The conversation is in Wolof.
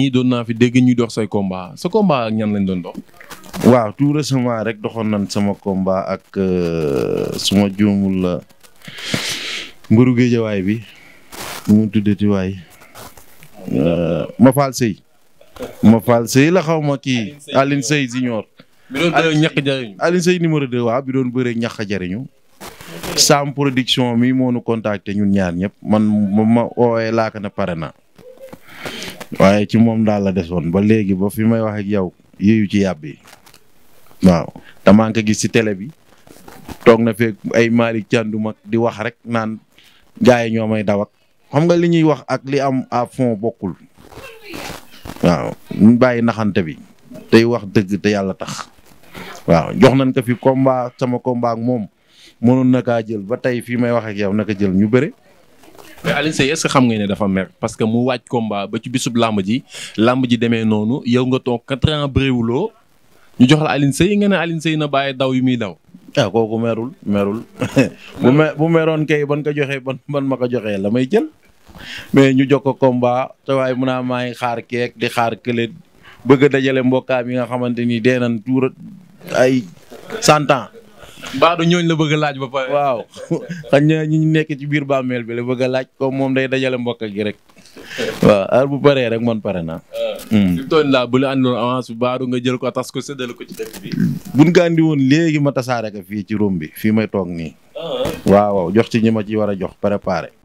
ñii doon naa fi dégg ñuy dox say combat sa combat ak ñan lañ doon dox. waaw tout récemment rek doxoon nañ sama combat ak euh, suma juumul la mburu waay bi mu tuddati waay ma faal sëy ma faal sëy la xawma ma kii Aline Seye junior bi doon bëree ñàkk jariñu bi doon bëree ñàkk jariñu sam production mi moo nu ñun ñaar ñëpp man ma ma oowee laaka na pare na waaye ci moom daal la desoon ba léegi ba fi may wax ak yow yéeyu ci yàbbi waaw te maa ngi ko gis ci télé bi toog na fekk ay Malick Thiandoum mag di wax rek naan gars yi ñoo may daw xam nga li ñuy wax ak li am à fond bokkul waaw ñu bàyyi naxante bi tey wax dëgg te yàlla tax waaw jox nañ fi combat sama combat ak moom mënoon na kaa jël ba tey fii may wax ak yow jël ñu bëre. mais Alioune Seye est xam nga ne dafa mer parce que mu waaj combat ba ci bisub làmb ji làmb ji demee noonu yow nga toog quatre ans bëriwuloo ñu jox la Alioune Seye nga ne Alioune na bàyyi daw yu muy daw. ah kooku merul merul. bu me bu meroon kay ban ko joxee ban ban ma ko joxee la may jël. mais ñu jox ko combat te waaye mun naa maa ngi xaar keek di xaar kële bëgg dajale mbokkaam yi nga xamante ni dee nañ tuur ay cent baadu ñooñ la bëgg a laaj ba pare. waaw xañ na ñi nekk ci biir bàmmeel bi la bëgg a laaj comme moom day dajale mbokk gi rek. waaw ar bu paree rek moon pare na li tooñ laa bu la andiloon avance bi nga jël ko tas ko séddale ko ci dëkk léegi ma tasaare ko fii ci room bi fii may toog nii. Ah. waaw jox ci ñi ma ci war a jox préparé.